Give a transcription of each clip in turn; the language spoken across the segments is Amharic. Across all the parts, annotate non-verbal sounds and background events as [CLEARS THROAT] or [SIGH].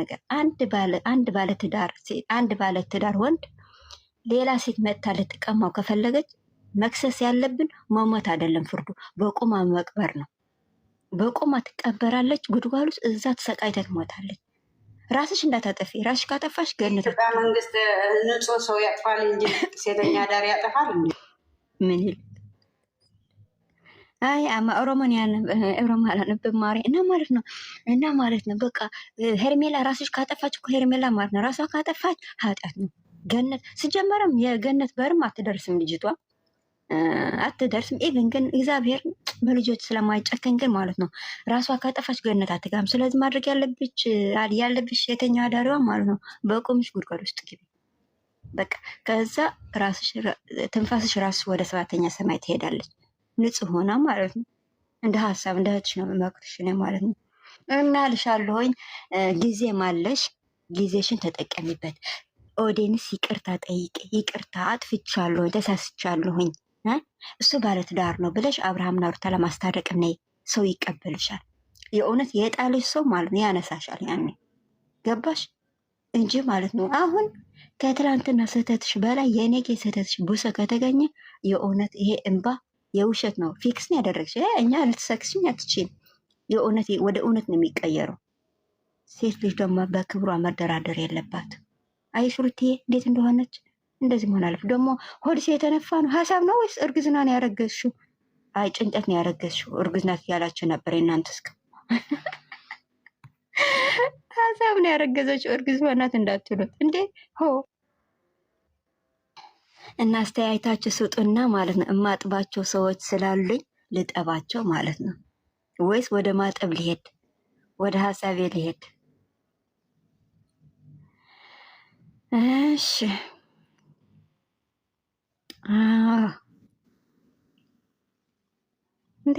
ነገር አንድ ባለ አንድ ባለ ትዳር አንድ ባለ ትዳር ወንድ ሌላ ሴት መታ ልትቀማው ከፈለገች መክሰስ ያለብን መሞት አይደለም፣ ፍርዱ በቁማ መቅበር ነው። በቁማ ትቀበራለች ጉድጓድ ውስጥ እዛ ተሰቃይታ ትሞታለች። ራስሽ እንዳታጠፊ፣ ራስሽ ካጠፋሽ ገነት መንግስት ንጹህ ሰው ያጥፋል እንጂ ሴተኛ ዳር ያጠፋል ምን ይል አይ ኦሮሞን ያን ኦሮማላ አላነብብ ማሪ እና ማለት ነው እና ማለት ነው በቃ ሄርሜላ ራስሽ ካጠፋች እኮ ሄርሜላ ማለት ነው ራሷ ካጠፋች ኃጢአት ነው። ገነት ስጀመረም የገነት በርም አትደርስም ልጅቷ አትደርስም። ኢቭን ግን እግዚአብሔር በልጆች ስለማይጨከን ግን ማለት ነው ራሷ ካጠፋች ገነት አትገባም። ስለዚህ ማድረግ ያለብሽ ያለብሽ የተኛ አዳሪዋ ማለት ነው በቆምሽ ጉድጓድ ውስጥ ግቢ። በቃ ከዛ ራስሽ ትንፋስሽ ራስሽ ወደ ሰባተኛ ሰማይ ትሄዳለች። ንጹህ ሆና ማለት ነው። እንደ ሀሳብ እንደ እህትሽ ነው የምመክርሽ እኔ ማለት ነው። እና ልሻለሁኝ ጊዜ ማለሽ ጊዜሽን ተጠቀሚበት። ኦዴንስ ይቅርታ ጠይቅ። ይቅርታ አጥፍቻለሁኝ፣ ተሳስቻለሁኝ፣ እሱ ባለትዳር ነው ብለሽ አብርሃምና ሩታ ለማስታረቅ ነይ። ሰው ይቀበልሻል። የእውነት የጣልሽ ሰው ማለት ነው ያነሳሻል። ያኔ ገባሽ እንጂ ማለት ነው። አሁን ከትላንትና ስህተትሽ በላይ የኔጌ ስህተትሽ ቡሰ ከተገኘ የእውነት ይሄ እንባ የውሸት ነው። ፊክስን ነው ያደረግሽ። እኛ ልትሰክስኝ አትችል። የእውነት ወደ እውነት ነው የሚቀየረው። ሴት ልጅ ደግሞ በክብሯ መደራደር የለባት። አይ ሱርቴ እንዴት እንደሆነች እንደዚህ መሆን አለፍ። ደግሞ ሆድሴ የተነፋ ነው ሀሳብ ነው ወይስ እርግዝና ነው ያረገዝሽው? አይ ጭንጨት ነው ያረገዝሽው። እርግዝናት ያላችሁ ነበር የእናንተ እስከ [LAUGHS] ሀሳብ ነው ያረገዘችው እርግዝ ሆናት እንዳትሉት እንዴ ሆ እና አስተያየታችሁ ስጡና ማለት ነው። እማጥባቸው ሰዎች ስላሉኝ ልጠባቸው ማለት ነው ወይስ ወደ ማጠብ ሊሄድ ወደ ሀሳቤ ሊሄድ? እሺ እንዴ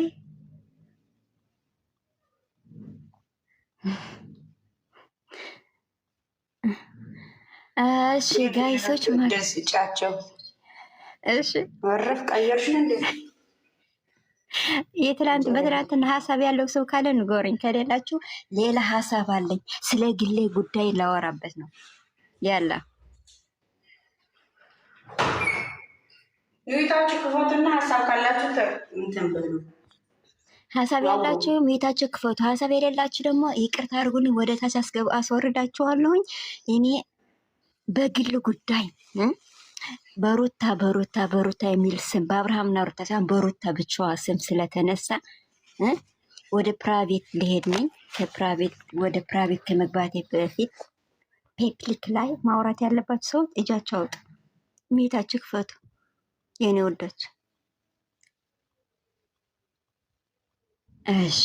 እሺ ጋይሶች ደስ ጫቸው እሺ ወረፍ ቀየርሽን እንዴ? የትላንት በትላንትና ሀሳብ ያለው ሰው ካለ ንጎረኝ፣ ከሌላችሁ ሌላ ሀሳብ አለኝ ስለ ግሌ ጉዳይ ላወራበት ነው ያላ ሚዩታችሁ ክፈቱና ሀሳብ ካላችሁ እንትን ብሉ። ሀሳብ ያላችሁ ሚዩታችሁ ክፈቱ። ሀሳብ የሌላችሁ ደግሞ ይቅርታ አድርጉልኝ፣ ወደ ታች አስወርዳችኋለሁኝ። እኔ በግል ጉዳይ በሩታ በሩታ በሩታ የሚል ስም በአብርሃምና ሩታ ሳይሆን በሩታ ብቻዋ ስም ስለተነሳ ወደ ፕራይቬት ሊሄድ ነኝ። ከፕራይቬት ወደ ፕራይቬት ከመግባቴ በፊት ፔፕሊክ ላይ ማውራት ያለባቸው ሰዎች እጃቸው አውጡ፣ ሚታችሁ ክፈቱ። የኔ ወዳች እሺ፣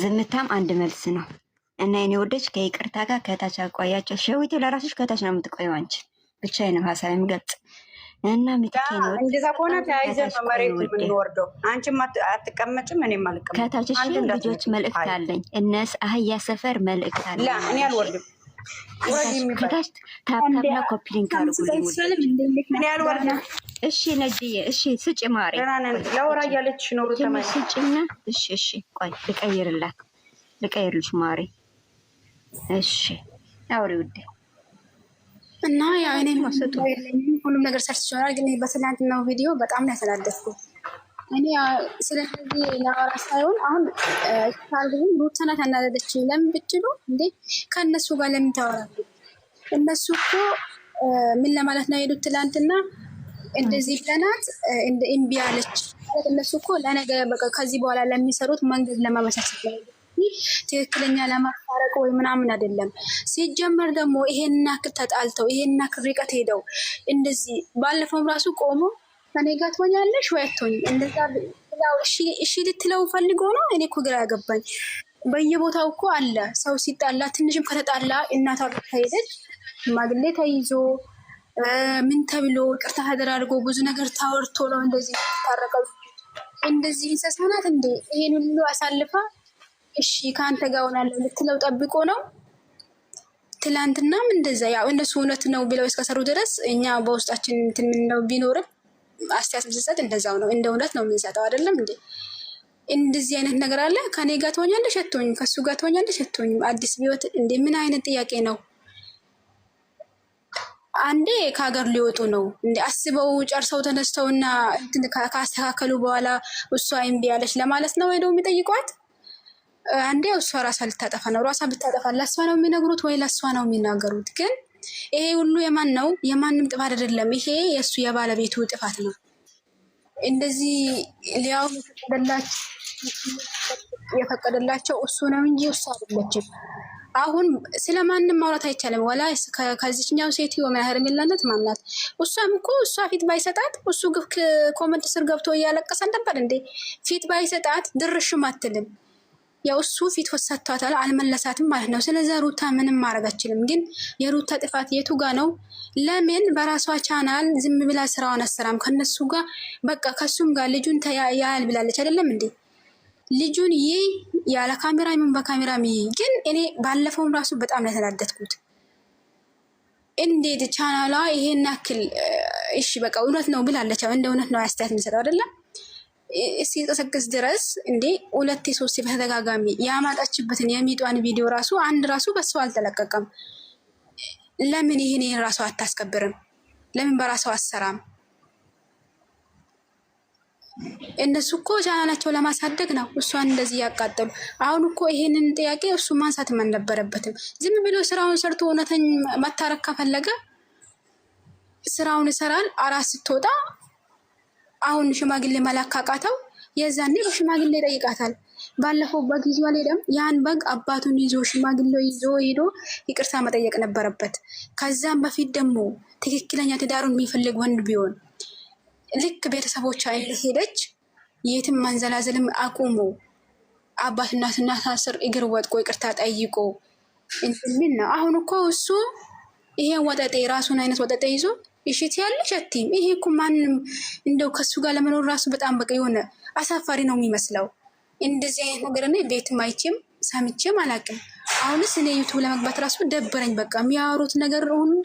ዝምታም አንድ መልስ ነው እና የኔ ወዳች ከይቅርታ ጋር ከታች አቋያቸው ሸዊቴ ለራሶች ከታች ነው የምትቆየው አንቺ ብቻ ነው ሀሳብ የምገልጽ እና ሚካኤል እንደዛ ከሆነ ተያይዘ ነው መሬት የምንወርደው። አንቺም አትቀመጭም፣ እኔም አልቀመጭም። ከታችሽ ልጆች መልእክት አለኝ። እነስ አህያ ሰፈር መልእክት አለ። እኔ አልወርድም። ከታች ታብታብና ኮፒሊን ካርጉልኝ። አልወርድም። እሺ ነጅዬ፣ እሺ ስጭ ማሪ ለወራ እያለች ኖሩ ስጭና፣ እሺ እሺ፣ ቆይ ልቀይርላት፣ ልቀይርልሽ ማሪ። እሺ አውሪ ውዴ እና ያው እኔ ሁሉም ነገር ሰርች ይችላል፣ ግን በትናንትናው ቪዲዮ በጣም ነው ያተናደፍኩ። እኔ ስለዚህ ለአወራ ሳይሆን አሁን ካልግን ሩታና ተናደደች። ለምን ብትሉ እንዴ ከእነሱ ጋር ለምን ታወራሉ? እነሱ እኮ ምን ለማለት ነው የሄዱት? ትላንትና እንደዚህ ብለናት እምቢ አለች እነሱ እኮ ለነገ ከዚህ በኋላ ለሚሰሩት መንገድ ለማመቻቸት ነው ትክክለኛ ለማስታረቅ ወይ ምናምን አይደለም። ሲጀመር ደግሞ ይሄን ያክል ተጣልተው ይሄን ያክል ርቀት ሄደው እንደዚህ ባለፈውም ራሱ ቆሞ ከኔ ጋር ትሆኛለሽ ወይ አትሆኝም እንደዛ እሺ ልትለው ፈልጎ ነው። እኔ እኮ ግራ ያገባኝ በየቦታው እኮ አለ። ሰው ሲጣላ ትንሽም ከተጣላ እናቷ ተሄደች ማግሌ ተይዞ ምን ተብሎ ቅርታ ተደራርጎ ብዙ ነገር ታወርቶ ነው እንደዚህ ታረቀው። እንደዚህ እንስሳ ናት እንዴ ይሄን ሁሉ አሳልፋ እሺ ከአንተ ጋር ሆናለሁ ልትለው ጠብቆ ነው። ትላንትናም እንደዛ ያው እነሱ እውነት ነው ብለው እስከሰሩ ድረስ እኛ በውስጣችን እንትን ምንለው ቢኖርም አስተያየት ምስሰጥ እንደዛው ነው፣ እንደ እውነት ነው የምንሰጠው። አይደለም እንዴ እንደዚህ አይነት ነገር አለ። ከኔ ጋር ትሆኛለሽ አትሆኝም፣ ከሱ ጋር ትሆኛለሽ አትሆኝም። አዲስ ህይወት እንዴ ምን አይነት ጥያቄ ነው? አንዴ ከሀገር ሊወጡ ነው እንደ አስበው ጨርሰው ተነስተውና ካስተካከሉ በኋላ እሷ እምቢ አለች ለማለት ነው ደው የሚጠይቋት አንዴ እሷ ራሷ ልታጠፋ ነው። ራሷ ብታጠፋ ለእሷ ነው የሚነግሩት ወይ ለእሷ ነው የሚናገሩት? ግን ይሄ ሁሉ የማን ነው? የማንም ጥፋት አይደለም። ይሄ የእሱ የባለቤቱ ጥፋት ነው። እንደዚህ ሊያው የፈቀደላቸው እሱ ነው እንጂ እሱ አይደለችም። አሁን ስለ ማንም ማውራት አይቻልም። ወላ ከዚችኛው ሴት ምን ያህል የሚላነት ማናት? እሷም እኮ እሷ ፊት ባይሰጣት እሱ ኮመንት ስር ገብቶ እያለቀሰ ነበር እንዴ። ፊት ባይሰጣት ድርሽም አትልም። ያው እሱ ፊት ወሰጥቷታል፣ አልመለሳትም ማለት ነው። ስለዚ ሩታ ምንም ማድረግ አችልም። ግን የሩታ ጥፋት የቱ ጋ ነው? ለምን በራሷ ቻናል ዝም ብላ ስራዋን አሰራም? ከነሱ ጋር በቃ ከሱም ጋር ልጁን ያህል ብላለች አይደለም እንዴ? ልጁን ይህ ያለ ካሜራ ይሁን በካሜራ ይህ ግን እኔ ባለፈውም ራሱ በጣም ነው የተናደድኩት። እንዴት ቻናሏ ይሄን ያክል እሺ፣ በቃ እውነት ነው ብላለች። እንደ እውነት ነው አስተያየት የሚሰጠው አይደለም ሲንቀሰቅስ ድረስ እንዴ ሁለቴ ሶስቴ በተደጋጋሚ ያማጣችበትን የሚጧን ቪዲዮ ራሱ አንድ ራሱ በሰው አልተለቀቀም። ለምን ይህን ይህን ራሱ አታስከብርም? ለምን በራሰው አሰራም? እነሱ እኮ ቻናላቸው ለማሳደግ ነው እሷን እንደዚህ ያቃጠሉ አሁን እኮ ይሄንን ጥያቄ እሱ ማንሳት አልነበረበትም። ዝም ብሎ ስራውን ሰርቶ እውነተኝ መታረቅ ከፈለገ ስራውን ይሰራል። አራት ስትወጣ አሁን ሽማግሌ መላክ ካቃተው የዛኔ ሽማግሌ ይጠይቃታል። ባለፈው በግ ይዞ አልሄደም። ያን በግ አባቱን ይዞ ሽማግሌ ይዞ ሄዶ ይቅርታ መጠየቅ ነበረበት። ከዛም በፊት ደግሞ ትክክለኛ ትዳሩን የሚፈልግ ወንድ ቢሆን ልክ አይል ሄደች የትም ማንዘላዘልም አቁሞ አባትና እናት ስር እግር ወጥቆ ይቅርታ ጠይቆ እንትምን ነው። አሁን እኮ እሱ ይሄን ወጠጤ ራሱን አይነት ወጠጤ ይዞ እሽት ያለች አትይም። ይሄ እኮ ማንም እንደው ከሱ ጋር ለመኖር ራሱ በጣም በቃ የሆነ አሳፋሪ ነው የሚመስለው። እንደዚህ አይነት ነገር እኔ ቤትም አይቼም ሰምቼም አላውቅም። አሁንስ እኔ ዩቱብ ለመግባት ራሱ ደበረኝ። በቃ የሚያወሩት ነገር ሁሉ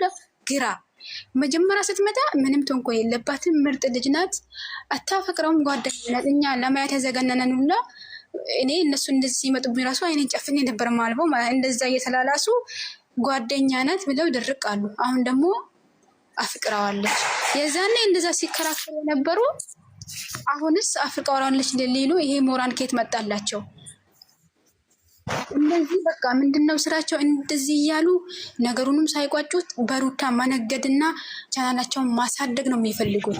ግራ። መጀመሪያ ስትመጣ ምንም ተንኮ የለባትም ምርጥ ልጅ ናት። አታፈቅረውም ጓደኛ ናት። እኛ ለማየት ያዘገነነን ነውና እኔ እነሱ እንደዚህ ሲመጡብኝ ራሱ አይኔን ጨፍኔ ነበር ማልበው። እንደዛ እየተላላሱ ጓደኛ ናት ብለው ድርቅ አሉ። አሁን ደግሞ አፍቅረዋለች። የዛኔ እንደዛ ሲከራከሩ የነበሩ አሁንስ አፍቅረዋለች ሊሉ ይሄ ሞራን ኬት መጣላቸው? እንደዚህ በቃ ነው ስራቸው? እንደዚህ እያሉ ነገሩንም ሳይቋጩት በሩታ መነገድና ቻናላቸውን ማሳደግ ነው የሚፈልጉት።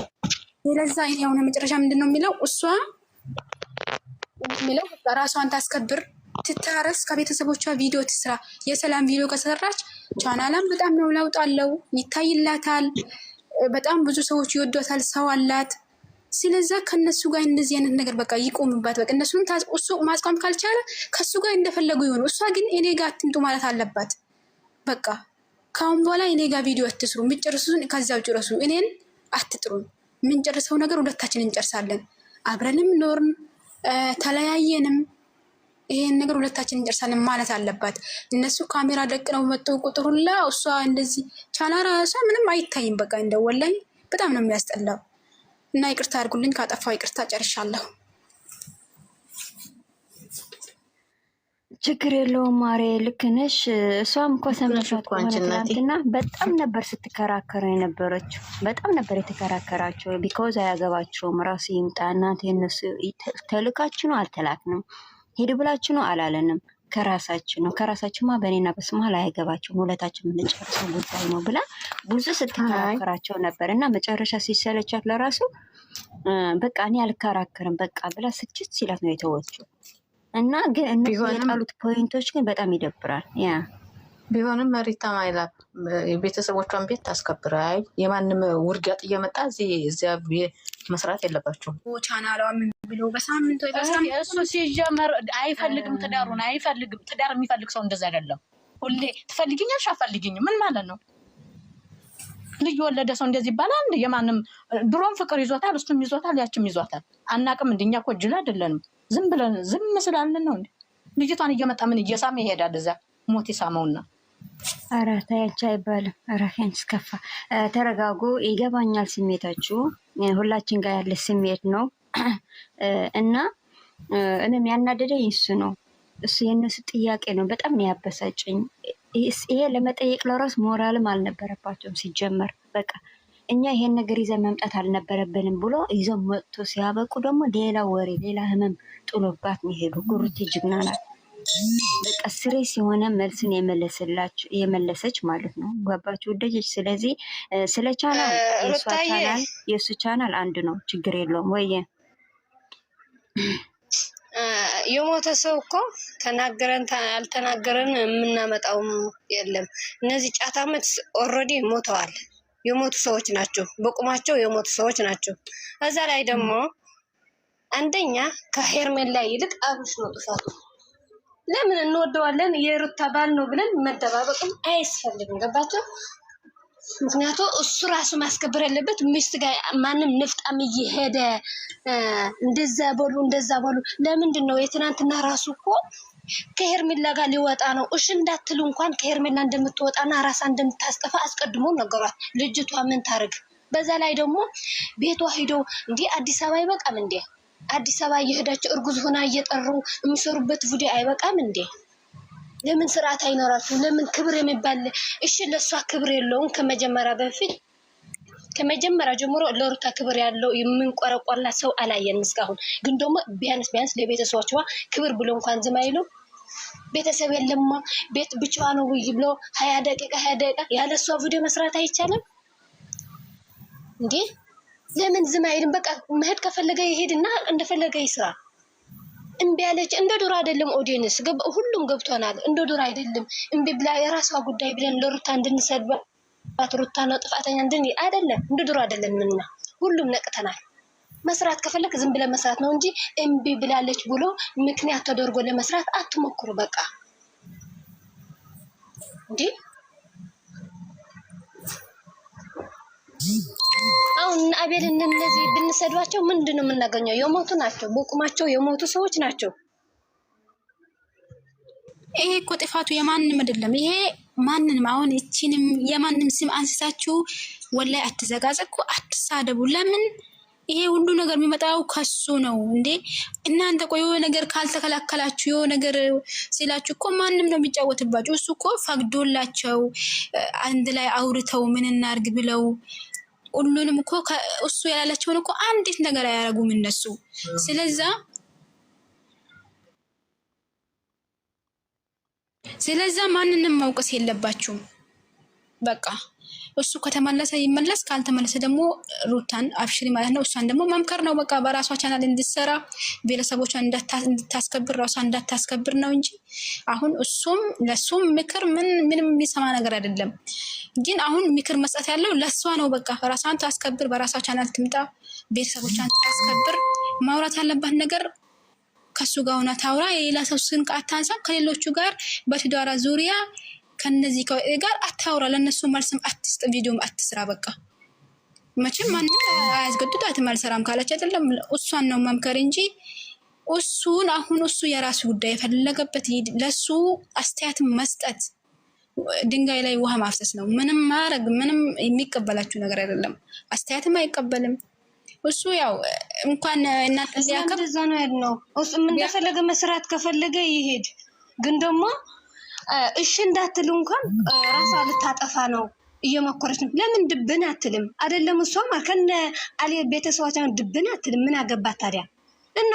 ስለዛ ይሄ የሆነ መጨረሻ ምንድን ነው የሚለው እሷ የሚለው ራሷን ታስከብር ትታረስ፣ ከቤተሰቦቿ ቪዲዮ ትስራ። የሰላም ቪዲዮ ከሰራች ቻናላም በጣም ነው ለውጥ አለው፣ ይታይላታል። በጣም ብዙ ሰዎች ይወዷታል፣ ሰው አላት። ስለዛ ከነሱ ጋር እንደዚህ አይነት ነገር በቃ ይቆምባት። በቃ እነሱም እሱ ማስቋም ካልቻለ ከእሱ ጋር እንደፈለጉ ይሆኑ። እሷ ግን እኔ ጋር አትምጡ ማለት አለባት። በቃ ከአሁን በኋላ እኔ ጋር ቪዲዮ አትስሩ፣ የምጨርሱን ከዚያው ጭረሱ፣ እኔን አትጥሩም። የምንጨርሰው ነገር ሁለታችን እንጨርሳለን። አብረንም ኖርን ተለያየንም ይሄን ነገር ሁለታችን እንጨርሳለን ማለት አለባት። እነሱ ካሜራ ደቅነው መጥቶ ቁጥር እሷ እንደዚህ ቻና ራሷ ምንም አይታይም። በቃ እንደወላኝ በጣም ነው የሚያስጠላው። እና ይቅርታ አድርጉልኝ ካጠፋው ይቅርታ፣ ጨርሻለሁ። ችግር የለውም ማሬ፣ ልክ ነሽ። እሷም እኮ ሰምቻት ትናንትና በጣም ነበር ስትከራከረ የነበረችው። በጣም ነበር የተከራከራቸው። ቢኮዝ አያገባቸውም ራሱ ይምጣ እናንተ የነሱ አልተላክንም ሄድ ብላችሁ ነው አላለንም። ከራሳችን ነው። ከራሳችንማ በእኔና ላይ አያገባችሁም ሁለታችን የምንጨርሰው ጉዳይ ነው ብላ ብዙ ስትከራከራቸው ነበር እና መጨረሻ ሲሰለቻት ለራሱ በቃ እኔ አልከራከርም በቃ ብላ ስችት ሲላት ነው የተወችው። እና ግን እነሱ የጣሉት ፖይንቶች ግን በጣም ይደብራል። ያ ቢሆንም መሪታ ማይላ ቤተሰቦቿን ቤት ታስከብራይ የማንም ውርጋጥ እየመጣ እዚያ መስራት የለባቸውም። እሱ ሲጀመር አይፈልግም፣ ትዳሩን አይፈልግም። ትዳር የሚፈልግ ሰው እንደዚ አይደለም። ሁሌ ትፈልጊኛለሽ አትፈልጊኝም ምን ማለት ነው? ልጅ ወለደ ሰው እንደዚህ ይባላል። እንደ የማንም ድሮም ፍቅር ይዞታል፣ እሱም ይዞታል፣ ያችም ይዟታል። አናቅም። እንድኛ እኮ ጅል አይደለንም። ዝም ብለን ዝም ስላለን ነው እንዴ? ልጅቷን እየመጣ ምን እየሳመ ይሄዳል። እዛ ሞት የሳመውና ኧረ ተይ አንቺ አይባልም። ኧረ ተረጋጉ። ይገባኛል ስሜታችሁ ሁላችን ጋር ያለ ስሜት ነው [CLEARS THROAT] እና እኔም ያናደደኝ እሱ ነው። እሱ የእነሱ ጥያቄ ነው በጣም ያበሳጨኝ። ይሄ ለመጠየቅ ለራስ ሞራልም አልነበረባቸውም ሲጀመር። በቃ እኛ ይሄን ነገር ይዘን መምጣት አልነበረብንም ብሎ ይዘው መጥቶ ሲያበቁ ደግሞ ሌላ ወሬ፣ ሌላ ህመም ጥሎባት ነው የሄዱ። ጉርቴ ጅግና ናት። በቃ ስሬስ የሆነ መልስን የመለሰች ማለት ነው። ገባችሁ ወደጀች። ስለዚህ ስለ ቻናል የእሷ ቻናል የእሱ ቻናል አንድ ነው፣ ችግር የለውም ወይ የሞተ ሰው እኮ ተናገረን አልተናገረን የምናመጣውም የለም። እነዚህ ጫት አመት ኦልሬዲ ሞተዋል። የሞቱ ሰዎች ናቸው፣ በቁማቸው የሞቱ ሰዎች ናቸው። እዛ ላይ ደግሞ አንደኛ ከሄርሜላ ይልቅ አብርሽ ነው ጥፋቱ። ለምን እንወደዋለን የሩታ ባል ነው ብለን መደባበቅም አያስፈልግም። ገባቸው። ምክንያቱ እሱ ራሱ ማስከበር ያለበት ሚስት ጋር ማንም ንፍጣም እየሄደ እንደዛ በሉ እንደዛ በሉ። ለምንድን ነው የትናንትና ራሱ እኮ ከሄርሜላ ጋር ሊወጣ ነው። እሺ እንዳትሉ እንኳን ከሄርሜላ እንደምትወጣና ራሳ እንደምታስጠፋ አስቀድሞ ነገሯት። ልጅቷ ምን ታርግ? በዛ ላይ ደግሞ ቤቷ ሂዶ እንዲህ አዲስ አበባ ይበቃም እንዴ? አዲስ አበባ እየሄዳቸው እርጉዝ ሆና እየጠሩ የሚሰሩበት ቡዴ አይበቃም እንዴ? ለምን ስርዓት አይኖራችሁ? ለምን ክብር የሚባል እሺ፣ ለእሷ ክብር የለውም። ከመጀመሪያ በፊት ከመጀመሪያ ጀምሮ ለሩታ ክብር ያለው የምንቆረቆርላት ሰው አላየን እስካሁን። ግን ደግሞ ቢያንስ ቢያንስ ለቤተሰቦቿ ክብር ብሎ እንኳን ዝም አይሉ። ቤተሰብ የለማ ቤት ብቻዋ ነው ውይ ብሎ ሀያ ደቂቃ ሀያ ደቂቃ ያለ እሷ ቪዲዮ መስራት አይቻልም እንዴ? ለምን ዝም አይሄድም? በቃ መሄድ ከፈለገ ይሄድና እንደፈለገ ይስራ። እምቢ ያለች እንደ ዱር አይደለም። ኦዲየንስ ሁሉም ገብቶናል። እንደ ዱር አይደለም። እምቢ ብላ የራሷ ጉዳይ ብለን ለሩታ እንድንሰድባት ሩታ ነው ጥፋተኛ እንድን አይደለም። እንደ ዱር አይደለም። ምንና ሁሉም ነቅተናል። መስራት ከፈለግ ዝም ብለን መስራት ነው እንጂ እምቢ ብላለች ብሎ ምክንያት ተደርጎ ለመስራት አትሞክሩ። በቃ እንዲህ አሁን አቤል እነዚህ ብንሰዷቸው ምንድን ነው የምናገኘው? የሞቱ ናቸው፣ በቁማቸው የሞቱ ሰዎች ናቸው። ይሄ እኮ ጥፋቱ የማንም አይደለም። ይሄ ማንንም አሁን እቺንም የማንም ስም አንስታችሁ ወላይ አትዘጋዘቁ፣ አትሳደቡ። ለምን ይሄ ሁሉ ነገር የሚመጣው ከሱ ነው እንዴ? እናንተ ቆ የሆነ ነገር ካልተከላከላችሁ የሆነ ነገር ሲላችሁ እኮ ማንም ነው የሚጫወትባችሁ። እሱ እኮ ፈቅዶላቸው አንድ ላይ አውርተው ምን እናርግ ብለው ሁሉንም እኮ እሱ ያላለችውን እኮ አንዲት ነገር አያረጉም እነሱ። ስለዛ ስለዛ ማንንም መውቀስ የለባችሁም በቃ። እሱ ከተመለሰ ይመለስ፣ ካልተመለሰ ደግሞ ሩታን አብሽሪ ማለት ነው። እሷን ደግሞ መምከር ነው በቃ በራሷ ቻናል እንድትሰራ ቤተሰቦቿን እንድታስከብር ራሷ እንዳታስከብር ነው እንጂ አሁን እሱም ለሱም ምክር ምን ምንም የሚሰማ ነገር አይደለም። ግን አሁን ምክር መስጠት ያለው ለእሷ ነው። በቃ ራሷን ታስከብር፣ በራሷ ቻናል ትምጣ፣ ቤተሰቦቿን ታስከብር። ማውራት ያለባት ነገር ከሱ ጋር ሆና ታውራ። የሌላ ሰው ስንቅ አታንሳ። ከሌሎቹ ጋር በትዳሯ ዙሪያ ከነዚህ ጋር አታውራ፣ ለእነሱ መልስም አትስጥ፣ ቪዲዮም አትስራ። በቃ መቼም ማንም አያስገድዳትም። አልሰራም ካለች አይደለም እሷን ነው መምከር እንጂ እሱን አሁን እሱ የራሱ ጉዳይ የፈለገበት ለሱ አስተያየት መስጠት ድንጋይ ላይ ውሃ ማፍሰስ ነው። ምንም ማድረግ ምንም የሚቀበላችሁ ነገር አይደለም። አስተያየትም አይቀበልም። እሱ ያው እንኳን እናንተ ነው። እሱ እንደፈለገ መስራት ከፈለገ ይሄድ ግን ደግሞ እሺ እንዳትል እንኳን ራሷ ልታጠፋ ነው እየሞከረች ነው። ለምን ድብን አትልም? አይደለም እሷም ከነ አሌ ቤተሰቦቿ ድብን አትልም። ምን አገባት ታዲያ? እና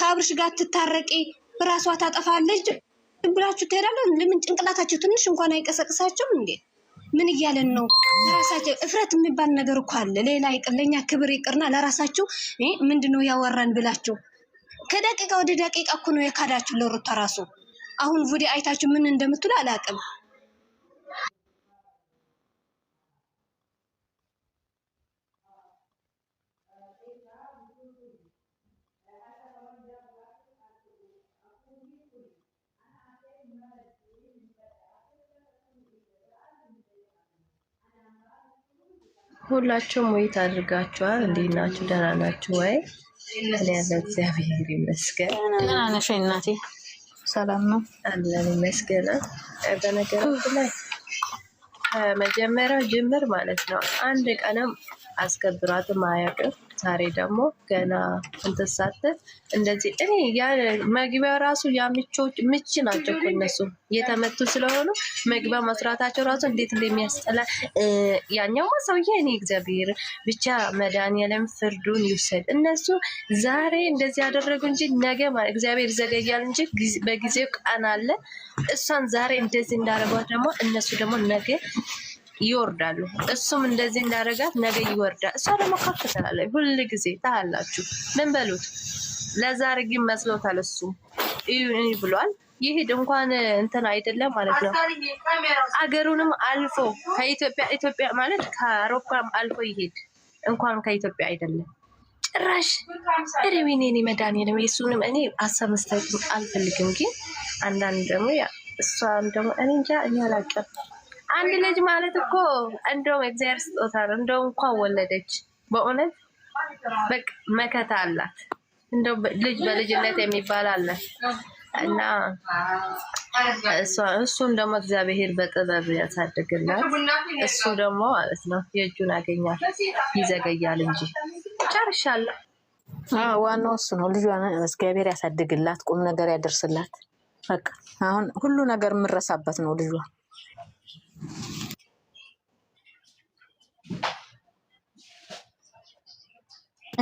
ከአብርሽ ጋር ትታረቂ ራሷ ታጠፋለች ብላችሁ ትሄዳለ? ለምን ጭንቅላታቸው ትንሽ እንኳን አይቀሰቅሳቸውም እንዴ? ምን እያለን ነው? ለራሳቸው እፍረት የሚባል ነገር እኮ አለ። ሌላ ይቅር፣ ለእኛ ክብር ይቅርና ለራሳችሁ ምንድነው ያወራን ብላችሁ ከደቂቃ ወደ ደቂቃ እኮ ነው የካዳችሁ ለሩታ ራሱ አሁን ቪዲዮ አይታችሁ ምን እንደምትሉ አላውቅም። ሁላችሁም ወይ ታድርጋችኋል? እንዴት ናችሁ? ደህና ናችሁ ወይ? እኔ ያለ እግዚአብሔር ይመስገን። ደህና ነሽ እናቴ? ሰላም ነው አለን ይመስገና። በነገራችን ላይ ከመጀመሪያው ጅምር ማለት ነው አንድ ቀንም አስከብሯትም አያውቅም። ዛሬ ደግሞ ገና እንትን እንደዚህ እኔ መግቢያ ራሱ ያ ምች ናቸው እኮ እነሱ እየተመቱ ስለሆኑ መግቢያ መስራታቸው ራሱ እንዴት እንደሚያስጠላ ያኛው ሰውዬ እኔ እግዚአብሔር ብቻ መድኃኒዓለም ፍርዱን ይውሰድ። እነሱ ዛሬ እንደዚህ ያደረጉ እንጂ ነገ እግዚአብሔር ይዘገያል እንጂ በጊዜው ቀን አለ። እሷን ዛሬ እንደዚህ እንዳደረጓት ደግሞ እነሱ ደግሞ ነገ ይወርዳሉ። እሱም እንደዚህ እንዳደረጋት ነገ ይወርዳል። እሷ ደግሞ ከፍ ትላለች። ሁል ጊዜ ታላችሁ ምን በሉት። ለዛሬ ግን መስሎታል። እሱ እዩ ብሏል። ይሄድ እንኳን እንትን አይደለም ማለት ነው። አገሩንም አልፎ ከኢትዮጵያ ኢትዮጵያ ማለት ከአውሮፓም አልፎ ይሄድ እንኳን ከኢትዮጵያ አይደለም ጭራሽ ሪዊኔን መድኃኒዓለም የሱንም እኔ አሳብ አልፈልግም። ግን አንዳንድ ደግሞ እሷም ደግሞ እኔ እንጃ እኔ አላውቅም። አንድ ልጅ ማለት እኮ እንደውም እግዚአብሔር ስጦታ ነው። እንደውም እንኳን ወለደች በእውነት በቃ መከታ አላት። እንደው ልጅ በልጅነት የሚባል አለ እና እሱን ደግሞ እግዚአብሔር በጥበብ ያሳድግላት። እሱ ደግሞ ማለት ነው የእጁን ያገኛል። ይዘገያል እንጂ ጨርሻለሁ። ዋናው እሱ ነው። ልጇን እግዚአብሔር ያሳድግላት፣ ቁም ነገር ያደርስላት። በቃ አሁን ሁሉ ነገር የምረሳበት ነው ልጇ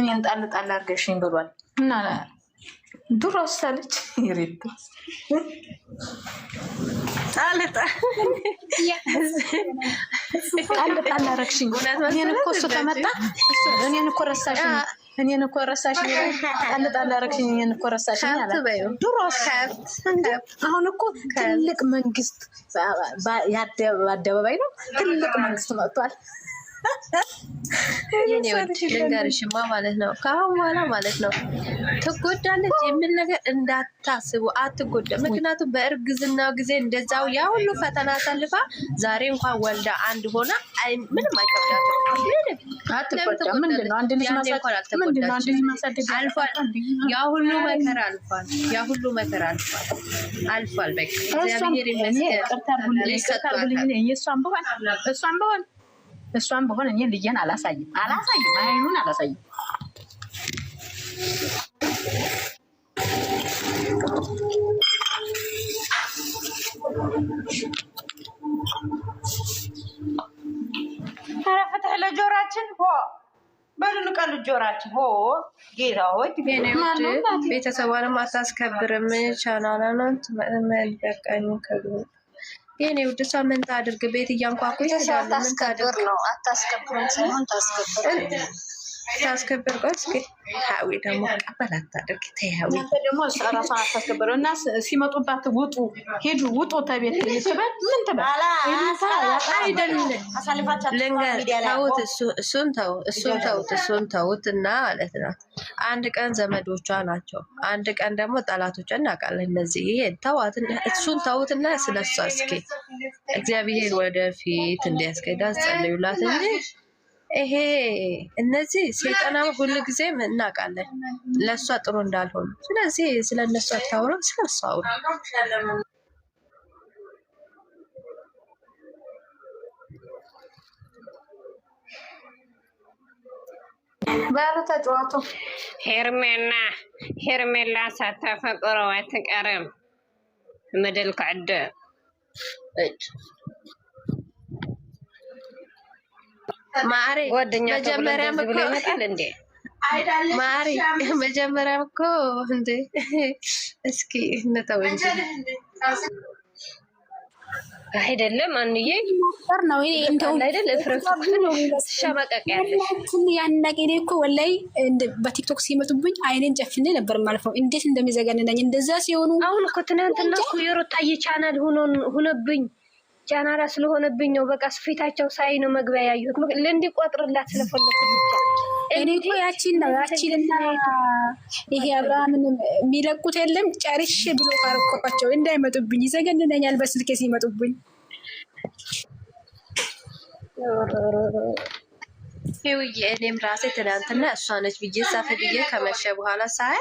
እኔን ጣል ጣል አድርገሽኝ ብሏል እና ዱሮ ስታለች ይሬቱ ጣል ጣል አደረግሽኝ። እኔን እኮ እሱ ተመጣ። እኔን እኮ ረሳሽኝ እኔን እኮ ረሳሽኝ፣ ቀልጣ እንዳረግሽኝ እኔን እኮ ረሳሽኝ አለ ድሮ። አሁን እኮ ትልቅ መንግስት በአደባባይ ነው ትልቅ መንግስት መጥቷል። ልንገርሽማ ማለት ነው። ከአሁን በኋላ ማለት ነው ትጎዳለች የሚል ነገር እንዳታስቡ፣ አትጎዳም። ምክንያቱም በእርግዝናው ጊዜ እንደዛው ያ ሁሉ ፈተና አሳልፋ ዛሬ እንኳን ወልዳ አንድ ሆና ምንም አይከብዳትም። ያ ሁሉ መከራ አልፏል። ያ ሁሉ መከራ አልፏል አልፏል። በቃ እግዚአብሔር ይመስገን። እሷም በሆነ እኔ ልየን አላሳይም አላሳይም አይኑን አላሳይም። ኧረ ፍትህ ለጆራችን ሆ በሉ ንቀሉ ጆራችን ሆ ጌታዎች ቤተሰቧንም አታስከብርም ቻናላናት መልበቃኝ ከግ ይህኔ ውድ እሷ ምን ታድርግ? ቤት እያንኳኩ ይሄዳሉ። ምን ታድርግ ነው? አታስከብሩም ሳይሆን ታስከብሩ ሲያስከብር ጓስ ግን ሀዊ ደግሞ ቀበል አታደርግ። ተያዊ ደግሞ ራሷን አታስከብረው እና ሲመጡባት ውጡ፣ ሄዱ፣ ውጡ ተቤት ልትበል ምን ትበል እሱን ተው እሱን ተውት እሱን ተውት እና ማለት ነው። አንድ ቀን ዘመዶቿ ናቸው፣ አንድ ቀን ደግሞ ጠላቶቿ እናውቃለን። እነዚህ ይሄ ተዋት፣ እሱን ተውት እና ስለሷ እስኪ እግዚአብሔር ወደፊት እንዲያስገዳ ጸልዩላት እንጂ ይሄ እነዚህ ሁሉ ጊዜ እናውቃለን ለእሷ ጥሩ እንዳልሆኑ። ስለዚህ ስለ እነሱ አታውሩ፣ ስለ እሷ አውሩ። ባሉ ተጫወቱ። ሄርሜላ ሄርሜላ ሳታፈቅረው አትቀርም። ምድል ክዕድ ማሪ መጀመሪያም እኮ እንደ መጀመሪያም እኮ እንደ እስኪ እንተው እንጂ አይደለም አንዬ ሞር ነው ይሄ እንደው ነው ሸመቀቅ ያለሽ ያን ነገር እኮ ወላይ በቲክቶክ ሲመጡብኝ አይኔን ጨፍኔ ነበር ማለት እንዴት እንደሚዘገንነኝ እንደዛ ሲሆኑ አሁን እኮ ትናንትና እኮ ቻናል ሆኖ ሆነብኝ ጫናራ ስለሆነብኝ ነው። በቃ ፊታቸው ሳይ ነው መግቢያ ያየሁት እንዲቆጥርላት ስለፈለኩ እኔ እኮ ያቺን ነው ያቺንና ይሄ አብርሃምን የሚለቁት የለም ጨርሽ ብሎ ካረቆቋቸው እንዳይመጡብኝ ይዘገንነኛል። በስልኬ ሲመጡብኝ ይውዬ እኔም ራሴ ትናንትና እሷ ነች ብዬ ሳፈ ብዬ ከመሸ በኋላ ሳይ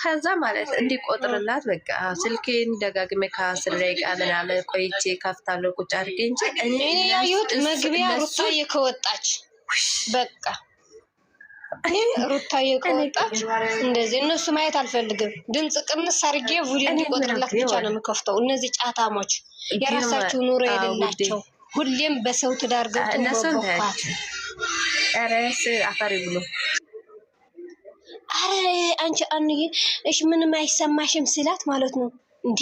ከዛ ማለት እንዲቆጥርላት በቃ ስልኬን ደጋግሜ ከአስር ደቂቃ ምናምን ቆይቼ ከፍታለሁ ቁጭ አድርጌ እንጂ እኔ ያየሁት መግቢያ ሩታዬ ከወጣች በቃ ሩታዬ ከወጣች እንደዚህ እነሱ ማየት አልፈልግም። ድምፅ ቅንስ አድርጌ ቪዲዮ እንዲቆጥርላት ብቻ ነው የምከፍተው። እነዚህ ጫታሞች የራሳችሁ ኑሮ የሌላቸው ሁሌም በሰው ትዳር ገብቶ ረስ አፈሪ ብሎ አረ አንቺ አንዬ እሽ ምንም አይሰማሽም ስላት ማለት ነው እንዴ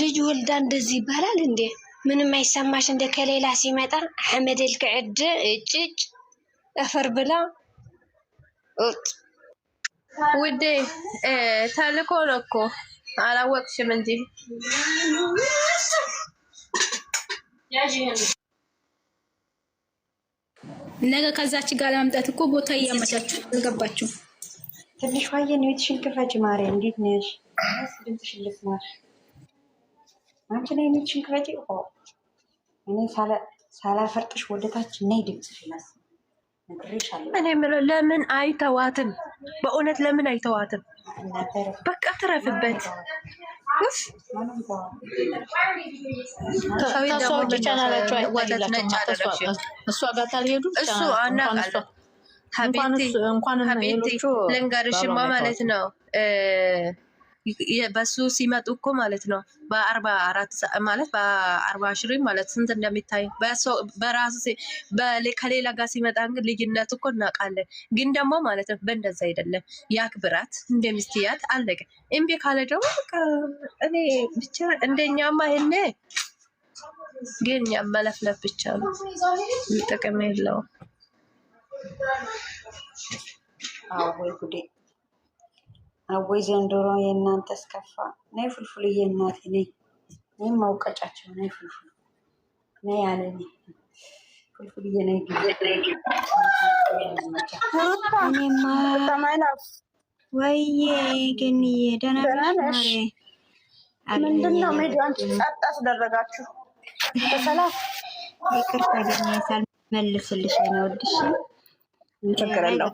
ልጅ ወልዳ እንደዚህ ይባላል እንዴ? ምንም አይሰማሽ እንደ ከሌላ ሲመጣ አህመድ ልክዕድ እጭጭ እፈር ብላ ውዴ ተልኮ ነው እኮ አላወቅሽም እንጂ ነገ ከዛች ጋር ለመምጣት እኮ ቦታ እያመቻችሁ አልገባችሁም። ትንሽ ዋየ ነው ቤትሽን ክፈች ማሪ፣ እንዴት ነሽ? ስ ድምፅሽን ልስማሽ። አንቺ ላይ ቤትሽን ክፈጪ። እኔ ሳላፈርጥሽ ወደታች ነይ፣ ድምፅሽን አስ እኔ የምለው ለምን አይተዋትም? በእውነት ለምን አይተዋትም? በቃ ትረፍበት። እሷ ጋር ታልሄዱ እሱ አናውቃለን ከቤቴ ልንገርሽማ ማለት ነው። በሱ ሲመጡ እኮ ማለት ነው በአርባ አራት ማለት በአርባ ሽሪን ማለት ስንት እንደሚታይ በራሱ ከሌላ ጋር ሲመጣ ግን ልዩነት እኮ እናውቃለን። ግን ደግሞ ማለት ነው በእንደዛ አይደለም ያክብራት እንደሚስትያት አለቀ። እምቢ ካለ ደግሞ እኔ ብቻ እንደኛማ ይሄኔ ግን ያመለፍለፍ ብቻ ነው፣ ጥቅም የለውም። አወይ ጉዴ! አወይ ዘንድሮ የእናንተ ስከፋ። ነይ ፍልፍል እናቴ ነይ፣ እኔም ማውቀጫቸው ነይ ፍልፍል ነይ አለ ፉልፉልዬ ነይ ወይዬ ገንዬ ደህና ነሽ? ምንድን ነው ሜዲያን ጸጥ አስደረጋችሁ? በሰላም ይቅርታ ገኝ ሳልመልስልሽ ነው ወድሽ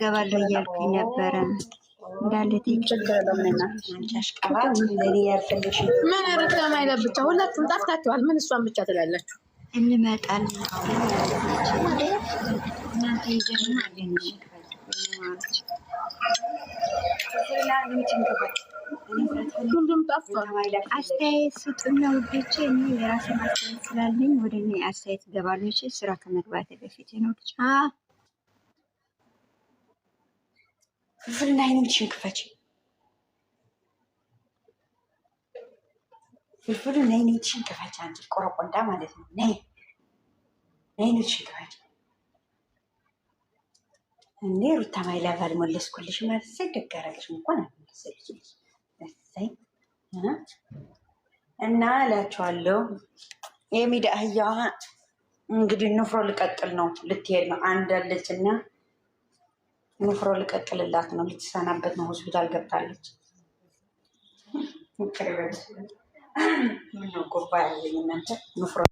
ገባለሁ እያልኩኝ ነበረ እንዳለ ምን ብቻ ሁላችሁም ጠፍታችኋል። ምን እሷን ብቻ ትላላችሁ? ሁሉም ጠፍቷል። አስተያየት ስጡና እኔ የራሴን አስተያየት ስላለኝ ወደ እኔ አስተያየት ገባለች ስራ ከመግባት በፊት ነው። ክፍልና አይንሽን ክፈች። ፍልፍሉ ነይ አይንሽን ክፈች። አንቺ ቆረቆንዳ ማለት ነው። ነይ አይንሽን ክፈች። እኔ ሩታ ማይላቭ አልመለስኩልሽ ማለት ሰ ደጋረገሽ እንኳን አልመለሰልሽ መሰይ እና እላችኋለሁ የሚዳ አህያዋ እንግዲህ ንፍሮ ልቀጥል ነው ልትሄድ ነው አንዳለች እና ንፍሮ ልቀቅልላት ነው። ልትሰናበት ነው። ሆስፒታል ገብታለች። ምክር በል ምነው ጎባ ያለኝ እናንተ ንፍሮ